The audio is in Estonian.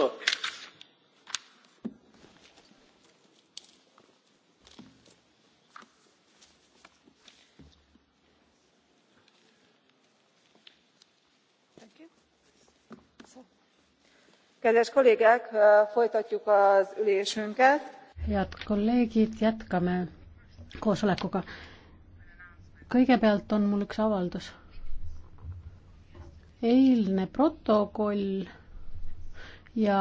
Buongiorno. kedves kollégák, folytatjuk az ülésünket. Head kolleegid, jätkame koosolekuga. Kõigepealt on mul üks avaldus. Eilne protokoll ja